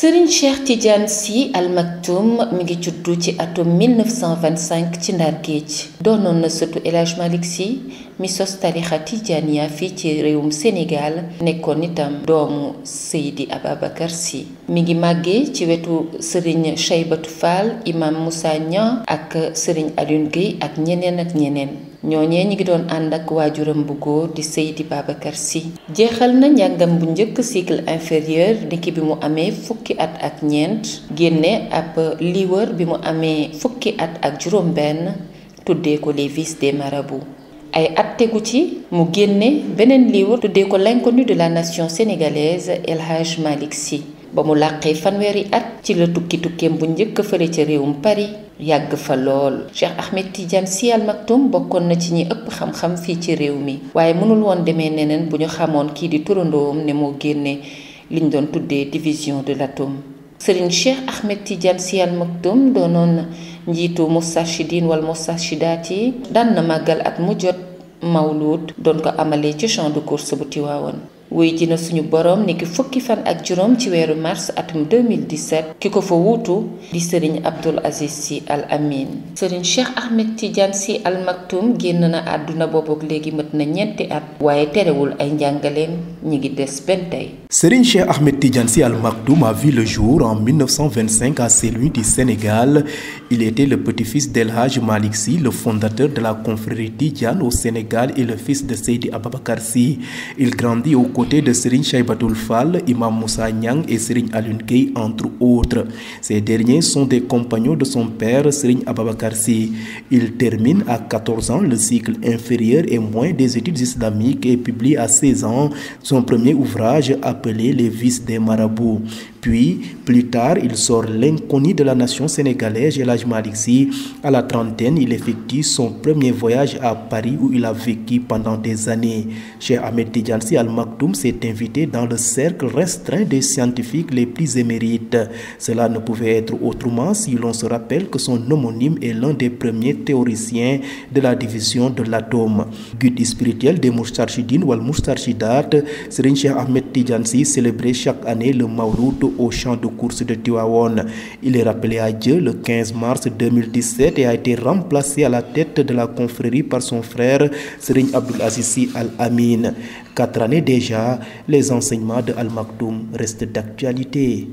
sëriñ Cheikh Tidiane si Al Maktoum mi ngi juddu ci atum 1925 ci Ndar Géej doonoon na sëtu El Hadj Malick Sy mi sos tarixa Tidiania fii ci réewum Sénégal nekkoon itam doomu Seydi Ababacar Sy mi ngi màggee ci wetu sëriñ Cheybatu Fall imam Moussa Niang ak sëriñ Alioune ak ñeneen ak ñeneen ñooñee ñi ngi doon ànd ak waajuram bu góor di Seydi Babacar si jeexal na njàngam bu njëkk cycle inférieur niki bi mu amee fukki at ak ñeent génne ab liiwër bi mu amee fukki at ak juróom benn tuddee ko les vices des marabouts ay at tegu ci mu génne beneen liiwër tuddee ko l'inconnu de la nation sénégalaise El Hadj Malick Sy ba mu làqee fanweeri at ci la tukki tukkeem bu njëkk fële ca réewum Paris yàgg fa lool Cheikh Ahmed Tidiane Sy Al Maktoum bokkoon na ci ñi ëpp xam-xam fii ci réew mi waaye mënul woon demee neneen bu ñu xamoon kii di turandoom ne moo génne li liñ doon tuddee division de l'atome Serigne Cheikh Ahmed Tidiane Sy Al Maktoum doonoon njiitu Moustarchidine wal Moustarchidaat yi daan na màggal at mu jot mawluut doon ko amalee ci champ de course bu Tiwaawoon wuy ji na suñu borom niki fukki fan ak juróom ci weeru mars atum 2017 ki ko fa wuutu di sëriñ Abdul Aziz si Al Amin sëriñ Cheikh Ahmed Tidiane si Al Maktoum génn na àdduna boobook léegi mët na ñetti at waaye terewul ay njàngaleem ñi ngi des benn tey. sëriñ Cheikh Ahmed Tidiane si Al Maktoum a vu le jour en 1925 à saint du Sénégal il était le petit-fils d'El Hadj Malick le fondateur de la confrérie Tidiane au Sénégal et le fils de Seydi Ababacar si il grandit au côté de Sirin Shaibatul Fall, Imam Moussa Nyang et Sirin Alunkei entre autres. Ces derniers sont des compagnons de son père, Ababakar Ababakarsi. Il termine à 14 ans le cycle inférieur et moins des études islamiques et publie à 16 ans son premier ouvrage appelé Les vices des marabouts. Puis, plus tard, il sort L'inconnu de la nation sénégalaise, Elage Maliksi. À la trentaine, il effectue son premier voyage à Paris où il a vécu pendant des années. Chez Ahmed Tidjansi Al-Maktoum s'est invité dans le cercle restreint des scientifiques les plus émérites. Cela ne pouvait être autrement si l'on se rappelle que son homonyme est l'un des premiers théoriciens de la division de l'atome. Guide spirituel des ou al moustarchidat Ahmed Tidjansi célébrait chaque année le Mauroud au champ de course de Tiwawon. Il est rappelé à Dieu le 15 mars 2017 et a été remplacé à la tête de la confrérie par son frère Serigne Abdul Al-Amin. Quatre années déjà, les enseignements de Al-Maktoum restent d'actualité.